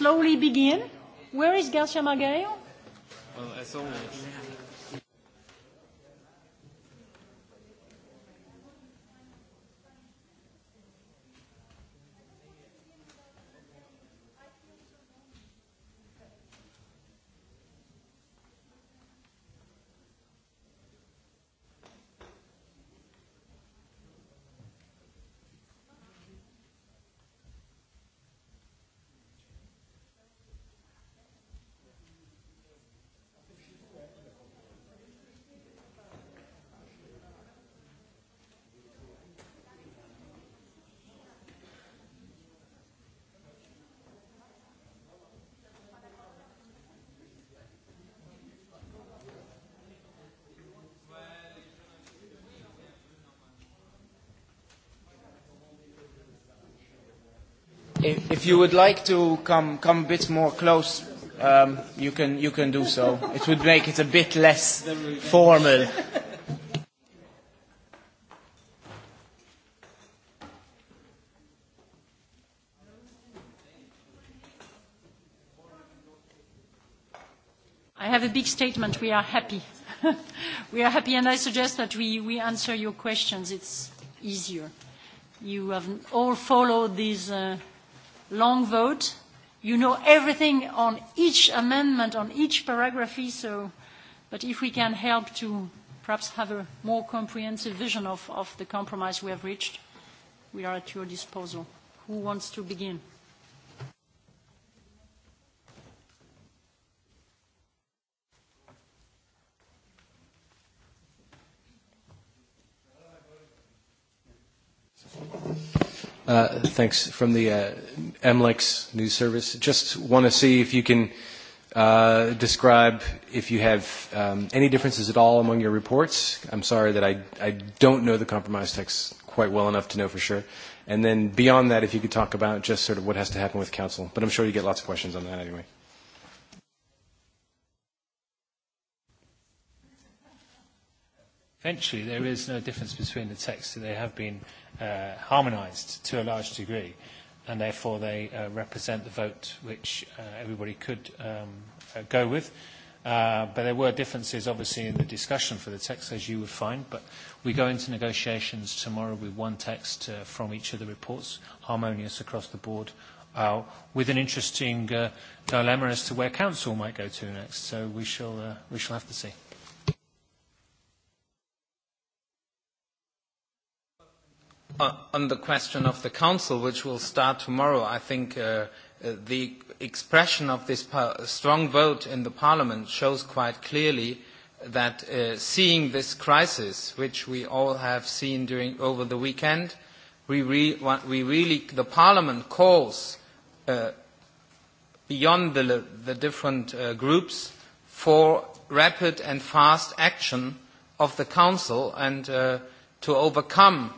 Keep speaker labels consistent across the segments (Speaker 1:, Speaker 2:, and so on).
Speaker 1: slowly begin? Where is Garcia Margallo?
Speaker 2: Well, as always. if, if you would like to come, come a bit more close, um, you, can, you can do so. It would make it a bit less formal.
Speaker 1: I have a big statement. We are happy. we are happy, and I suggest that we, we answer your questions. It's easier. You have all followed these uh, long vote. You know everything on each amendment, on each paragraph, so, but if we can help to perhaps have a more comprehensive vision of, of the compromise we have reached, we are at your disposal. Who wants to begin?
Speaker 3: Thank you. Uh, thanks from the uh, MLEX news service. Just want to see if you can uh, describe if you have um, any differences at all among your reports. I'm sorry that I, I don't know the compromise text quite well enough to know for sure. And then beyond that, if you could talk about just sort of what has to happen with council. But I'm sure you get lots of questions on that anyway. Eventually, there is no difference between the texts. They have been uh, harmonised to a large degree, and therefore they uh, represent the vote which uh, everybody could um, uh, go with. Uh, but there were differences, obviously, in the discussion for the text, as you would find. But we go into negotiations tomorrow with one text uh, from each of the reports, harmonious across the board, uh, with an interesting uh, dilemma as to where council might go to next. So we shall, uh, we shall have to see.
Speaker 2: Uh, on the question of the Council, which will start tomorrow, I think uh, uh, the expression of this strong vote in the Parliament shows quite clearly that uh, seeing this crisis, which we all have seen during, over the weekend, we, re want, we really, the Parliament calls uh, beyond the, the different uh, groups for rapid and fast action of the Council and uh, to overcome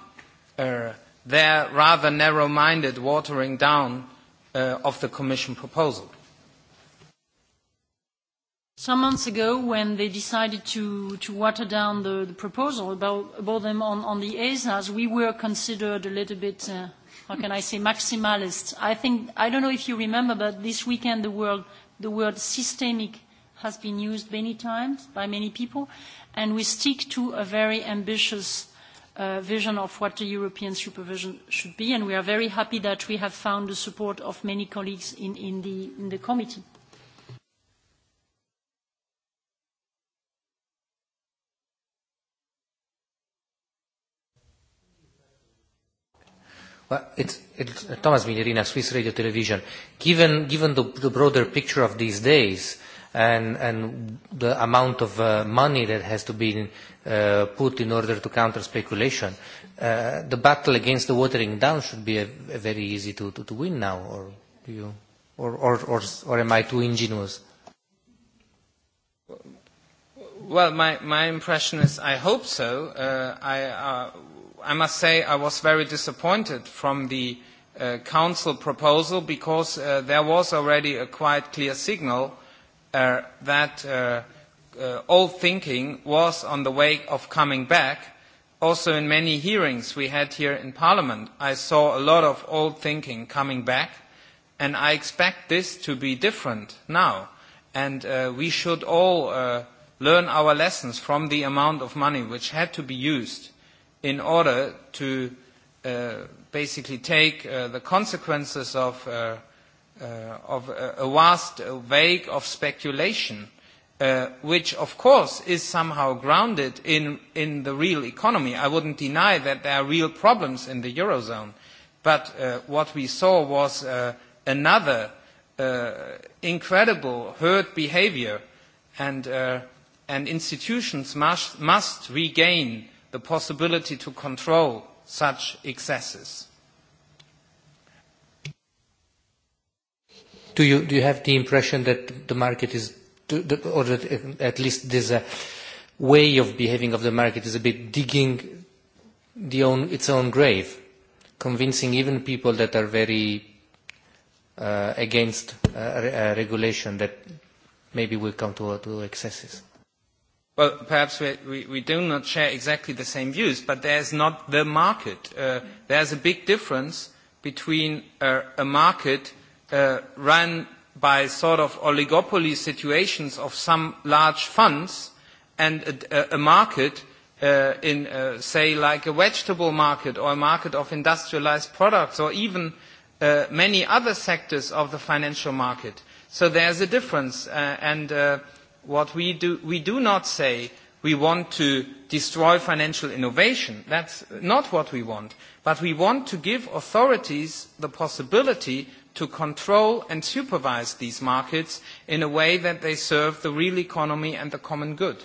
Speaker 2: uh, their rather narrow-minded watering down uh, of the Commission proposal.
Speaker 1: Some months ago, when they decided to, to water down the, the proposal about, about them on, on the ESAs, we were considered a little bit, uh, how can I say, maximalist. I think, I don't know if you remember, but this weekend the word, the word systemic has been used many times by many people, and we stick to a very ambitious uh, vision of what the European supervision should be, and we are very happy that we have found the support of many colleagues in, in, the, in the committee.
Speaker 2: Well, it's, it's Thomas Milerina, Swiss Radio Television. Given, given the, the broader picture of these days, uh, and, and the amount of uh, money that has to be uh, put in order to counter speculation. Uh, the battle against the watering down should be a, a very easy to, to, to win now, or, do you, or, or, or, or am I too ingenuous? Well, my, my impression is I hope so. Uh, I, uh, I must say I was very disappointed from the uh, Council proposal because uh, there was already a quite clear signal uh, uh, that uh, uh, old thinking was on the way of coming back. Also, in many hearings we had here in Parliament, I saw a lot of old thinking coming back, and I expect this to be different now. And uh, we should all uh, learn our lessons from the amount of money which had to be used in order to uh, basically take uh, the consequences of uh, uh, of a, uh, a vast vague of speculation, uh, which of course is somehow grounded in, in the real economy. I wouldn't deny that there are real problems in the Eurozone, but uh, what we saw was uh, another uh, incredible herd behavior and, uh, and institutions must, must regain the possibility to control such excesses. Do you, do you have the impression that the market is, or that uh, at least there's a way of behaving of the market is a bit digging the own, its own grave, convincing even people that are very uh, against uh, uh, regulation that maybe will come to, to excesses? Well, perhaps we, we, we do not share exactly the same views, but there's not the market. Uh, there's a big difference between uh, a market uh, run by sort of oligopoly situations of some large funds and a, a market uh, in, uh, say, like a vegetable market or a market of industrialized products or even uh, many other sectors of the financial market. So there's a difference. Uh, and uh, what we do, we do not say we want to destroy financial innovation. That's not what we want. But we want to give authorities the possibility to control and supervise these markets in a way that they serve the real economy and the common good.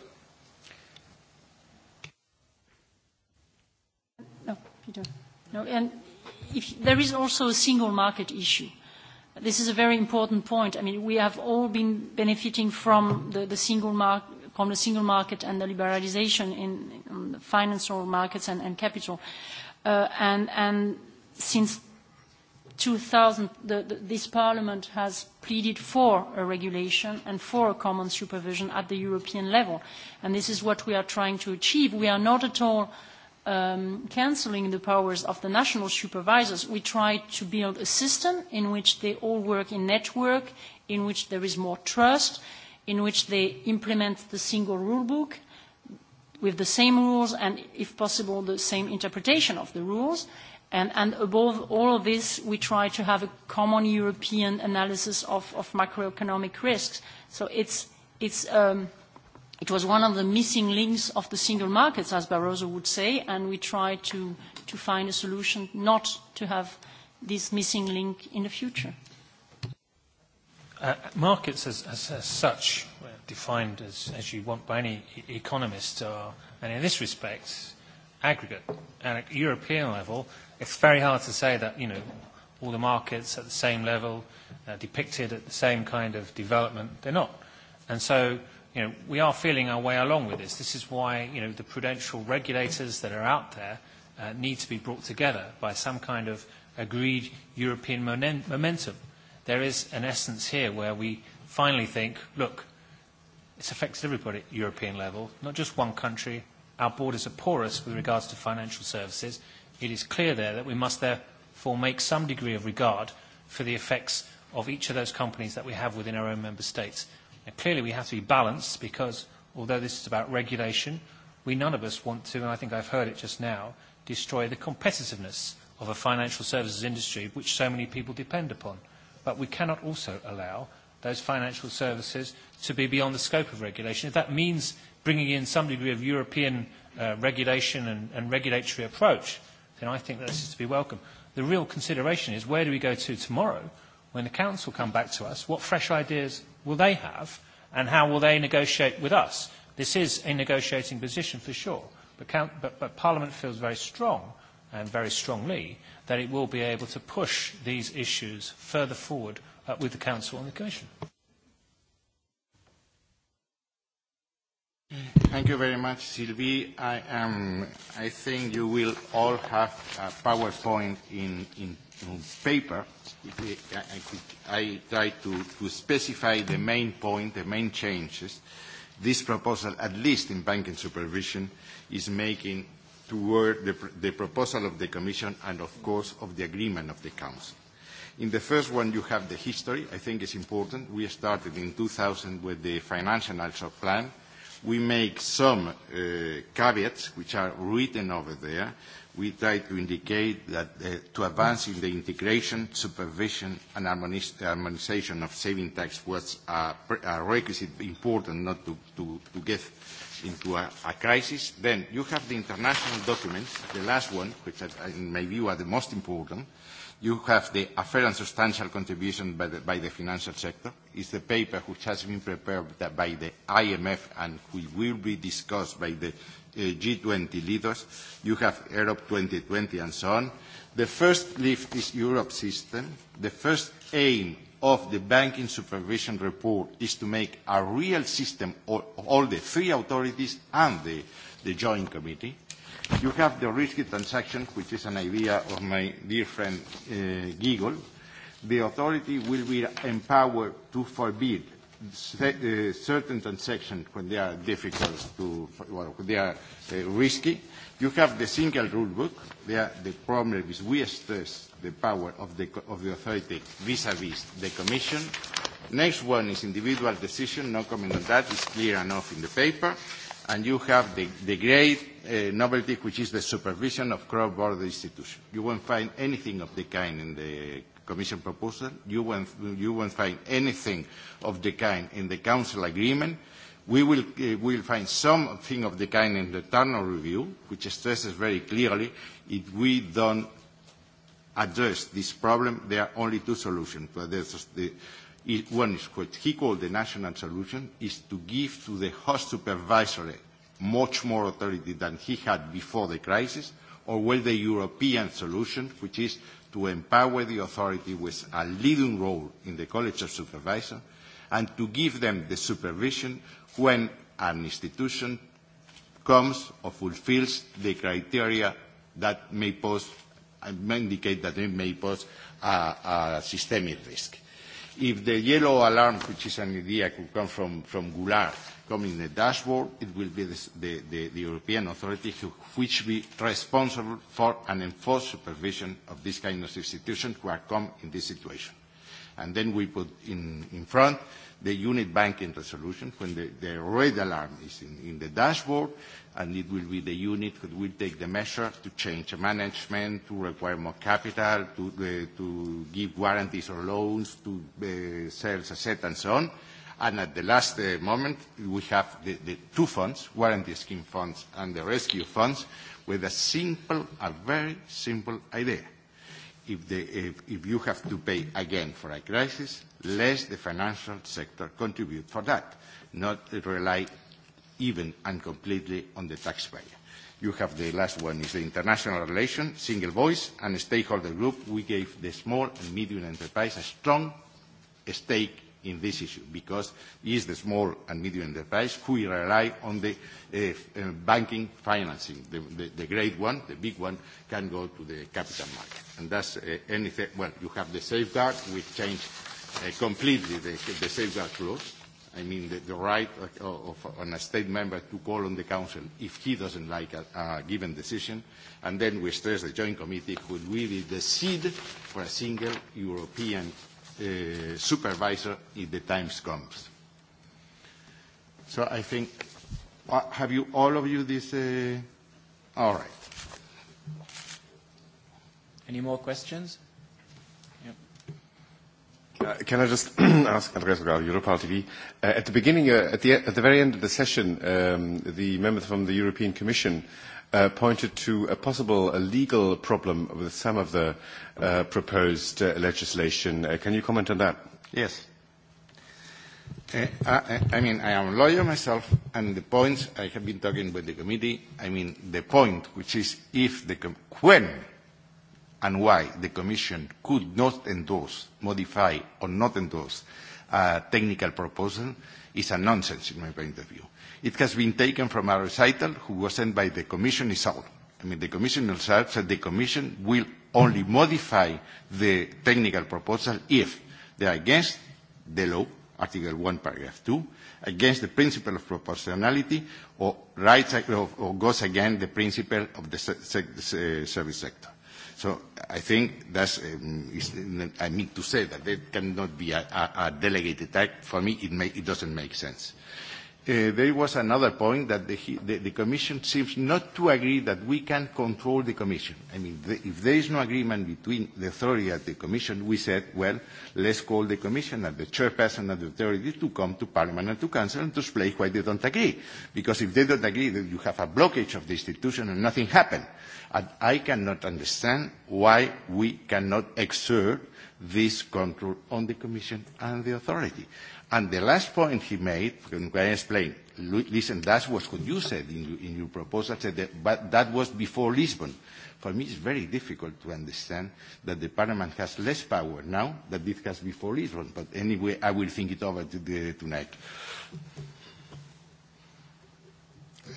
Speaker 1: No, Peter. No, and if, there is also a single market issue. This is a very important point. I mean, we have all been benefiting from the, the single market from the single market and the liberalization in, in financial markets and, and capital. Uh, and, and since 2000, the, the, this Parliament has pleaded for a regulation and for a common supervision at the European level. And this is what we are trying to achieve. We are not at all um, cancelling the powers of the national supervisors. We try to build a system in which they all work in network, in which there is more trust, in which they implement the single rule book with the same rules and, if possible, the same interpretation of the rules. Uh, And, and above all of this, we try to have a common European analysis of, of macroeconomic risks. So it's, it's, um, it was one of the missing links of the single markets, as Barroso would say, and we try to, to find a solution not to have this missing link in the future.
Speaker 3: Uh, markets as, as, as such, defined as, as you want by any e economist, are, and in this respect, aggregate. At a European level, it's very hard to say that, you know, all the markets at the same level, uh, depicted at the same kind of development. They're not. And so, you know, we are feeling our way along with this. This is why, you know, the prudential regulators that are out there uh, need to be brought together by some kind of agreed European momentum. There is an essence here where we finally think, look, it's affected everybody at European level, not just one country. Our borders are porous with regards to financial services it is clear there that we must therefore make some degree of regard for the effects of each of those companies that we have within our own member states. Now, clearly, we have to be balanced because although this is about regulation, we none of us want to, and I think I've heard it just now, destroy the competitiveness of a financial services industry which so many people depend upon. But we cannot also allow those financial services to be beyond the scope of regulation. If that means bringing in some degree of European uh, regulation and, and regulatory approach, uh, then I think that this is to be welcome. The real consideration is where do we go to tomorrow when the council come back to us? What fresh ideas will they have and how will they negotiate with us? This is a negotiating position for sure, but, count, but, but Parliament feels very strong and very strongly that it will be able to push these issues further forward uh, with the Council and the Commission. Thank you very much, Sylvie.
Speaker 4: I, um, I think you will all have a PowerPoint in, in, in paper. If I, I, could, I try to, to specify the main point, the main changes this proposal, at least in banking supervision, is making toward the, the proposal of the Commission and, of course, of the agreement of the Council. In the first one, you have the history. I think it's important. We started in 2000 with the financial action plan, We make some uh, caveats which are written over there. We try to indicate that uh, to advance in the integration, supervision, and harmonization of saving tax was a, a requisite important not to, to, to get into a, a crisis. Then you have the international documents, the last one, which I, in my view are the most important, uh, You have the a fair and substantial contribution by the, by the financial sector. It's the paper which has been prepared by the IMF and which will be discussed by the uh, G20 leaders. You have Europe 2020 and so on. The first lift is Europe system. The first aim of the banking supervision report is to make a real system of all the three authorities and the, the joint committee. You have the risky transaction, which is an idea of my dear friend uh, Giegold. The authority will be empowered to forbid uh, certain transactions when they are difficult to, well, when they are uh, risky. You have the single rule book. There, the problem is we stress the power of the, of the authority vis-à-vis -vis the Commission. Next one is individual decision. No comment on that. It's clear enough in the paper and you have the, the great uh, novelty, which is the supervision of cross-border institutions. You won't find anything of the kind in the Commission proposal. You won't, you won't find anything of the kind in the Council agreement. We will uh, we'll find something of the kind in the Turner Review, which stresses very clearly if we don't address this problem, there are only two solutions to address the is one is what he called the national solution, is to give to the host supervisory much more authority than he had before the crisis, or well the European solution, which is to empower the authority with a leading role in the College of Supervisors and to give them the supervision when an institution comes or fulfills the criteria that may pose, indicate that it may pose a, a systemic risk. If the yellow alarm, which is an idea, could come from, from Goulart, come in the dashboard, it will be the, the, the, the European authority who, which be responsible for and enforce supervision of this kind of institutions who are come in this situation and then we put in, in front the unit banking resolution when the, the red alarm is in, in the dashboard, and it will be the unit that will take the measure to change management, to require more capital, to, uh, to give guarantees or loans, to uh, sell asset and so on. And at the last uh, moment, we have the, the two funds, warranty scheme funds and the rescue funds, with a simple, a very simple idea if, the, if, if you have to pay again for a crisis, less the financial sector contribute for that, not rely even and completely on the taxpayer. You have the last one is the international relation, single voice, and stakeholder group. We gave the small and medium enterprise a strong stake in this issue because it is the small and medium enterprise who rely on the uh, uh, banking financing. The, the, the great one, the big one, can go to the capital market. And that's uh, anything. Well, you have the safeguard. We've changed uh, completely the, the safeguard clause. I mean, the, the right of, of on a state member to call on the Council if he doesn't like a, a given decision. And then we stress the Joint Committee could really the seed for a single European uh, supervisor if the time comes. So I think, uh, have you, all of you, this? Uh, all right. Any more questions? Uh, can I just ask Andreas Gal, Europal TV? Uh, at the beginning, uh, at, the, at the very end of the session, um, the member from the European Commission uh, uh, pointed to a possible uh, legal problem with some of the uh, proposed uh, legislation. Uh, can you comment on that? Yes. Uh, I, I mean, I am a lawyer myself, and the points I have been talking with the committee, I mean, the point which is if the, com when and why the Commission could not endorse, modify, or not endorse uh, uh, technical proposal is a nonsense in my point of view. It has been taken from a recital who was sent by the Commission itself. I mean, the Commission itself said the Commission will only modify the technical proposal if they are against the law, Article 1, Paragraph 2, against the principle of proportionality, or, rights, or, or goes against the principle of the se- se- se- service sector. So I think that's, um, I need to say that it cannot be a, a, a delegated act. For me, it, may, it doesn't make sense. Uh, Uh, there was another point that the, the, the Commission seems not to agree that we can control the Commission. I mean, the, if there is no agreement between the authority and the Commission, we said, well, let's call the Commission and the chairperson and the authority to come to Parliament and to Council and to explain why they don't agree. Because if they don't agree, then you have a blockage of the institution and nothing happened. And I cannot understand why we cannot exert this control on the Commission and the authority. And the last point he made, can I explain? Listen, that was what you said in, in your proposal, said that, but that was before Lisbon. For me, it's very difficult to understand that the Parliament has less power now than it has before Lisbon. But anyway, I will think it over to the, tonight.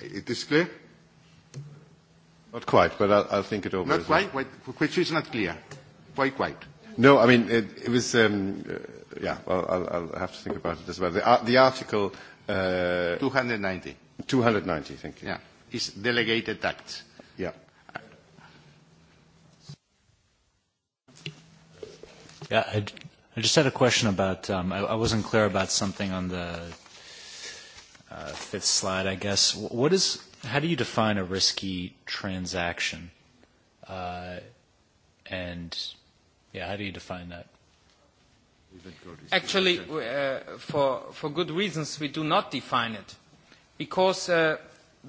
Speaker 4: It is clear? Not quite, but I'll, I'll think it over. Not quite? Well. Which is not clear? Quite, quite. No, I mean, it, it was, um, uh, yeah, well, I'll, I'll have to think about it as well. The, uh, the article... Uh, 290. 290, thank you. Yeah, is delegated act.
Speaker 3: Yeah. Yeah, I, I just had a question about, um, I, I wasn't clear about something on the uh, fifth slide, I guess. What is, how do you define a risky transaction? Uh, and Yeah, how do you define that?
Speaker 2: Actually, uh, for, for good reasons, we do not define it because uh,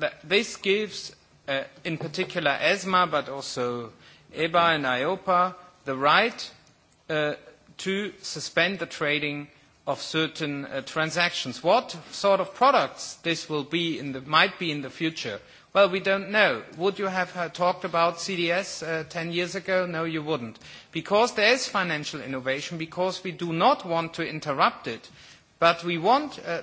Speaker 2: th this gives, uh, in particular, ESMA, but also EBA and IOPA, the right uh, to suspend the trading of certain uh, transactions. What sort of products this will be in the, might be in the future Well, we don't know. Would you have uh, talked about CDS uh, 10 years ago? No, you wouldn't. Because there is financial innovation, because we do not want to interrupt it, but we want uh,